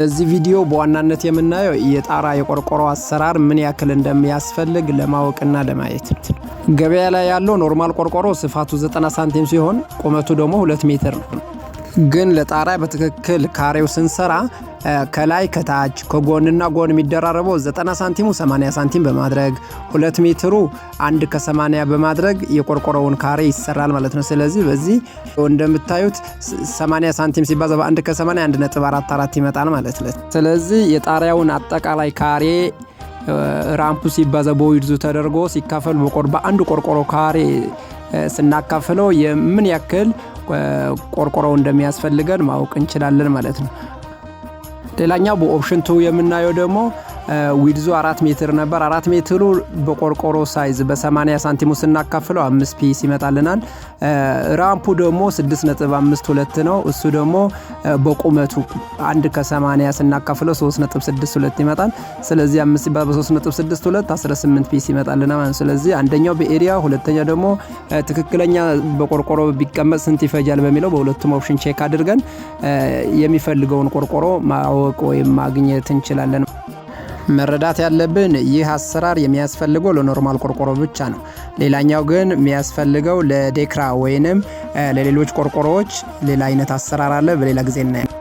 በዚህ ቪዲዮ በዋናነት የምናየው የጣራ የቆርቆሮ አሰራር ምን ያክል እንደሚያስፈልግ ለማወቅና ለማየት ገበያ ላይ ያለው ኖርማል ቆርቆሮ ስፋቱ 90 ሳንቲም ሲሆን ቁመቱ ደግሞ 2 ሜትር ነው። ግን ለጣሪያ በትክክል ካሬው ስንሰራ ከላይ ከታች ከጎንና ጎን የሚደራረበው 90 ሳንቲሙ 80 ሳንቲም በማድረግ 2 ሜትሩ 1 ከ80 በማድረግ የቆርቆሮውን ካሬ ይሰራል ማለት ነው። ስለዚህ በዚህ እንደምታዩት 80 ሳንቲም ሲባዛ በ1 ከ80 1 ይመጣል ማለት ነው። ስለዚህ የጣሪያውን አጠቃላይ ካሬ ራምፑ ሲባዛ በዊድዙ ተደርጎ ሲካፈል በአንድ ቆርቆሮ ካሬ ስናካፍለው የምን ያክል ቆርቆሮ እንደሚያስፈልገን ማወቅ እንችላለን ማለት ነው። ሌላኛው በኦፕሽን ቱ የምናየው ደግሞ ዊድዞ አራት ሜትር ነበር። አራት ሜትሩ በቆርቆሮ ሳይዝ በ80 ሳንቲሙ ስናካፍለው አምስት ፒስ ይመጣልናል። ራምፑ ደግሞ 6.52 ነው። እሱ ደግሞ በቁመቱ አንድ ከ80 ስናካፍለው 3.62 ይመጣል። ስለዚህ አምስት በ3.62 18 ፒስ ይመጣልናል። ስለዚህ አንደኛው በኤሪያ ሁለተኛው ደግሞ ትክክለኛ በቆርቆሮ ቢቀመጥ ስንት ይፈጃል በሚለው በሁለቱም ኦፕሽን ቼክ አድርገን የሚፈልገውን ቆርቆሮ ማወቅ ወይም ማግኘት እንችላለን። መረዳት ያለብን ይህ አሰራር የሚያስፈልገው ለኖርማል ቆርቆሮ ብቻ ነው። ሌላኛው ግን የሚያስፈልገው ለዴክራ ወይንም ለሌሎች ቆርቆሮዎች ሌላ አይነት አሰራር አለ። በሌላ ጊዜ እናያለን።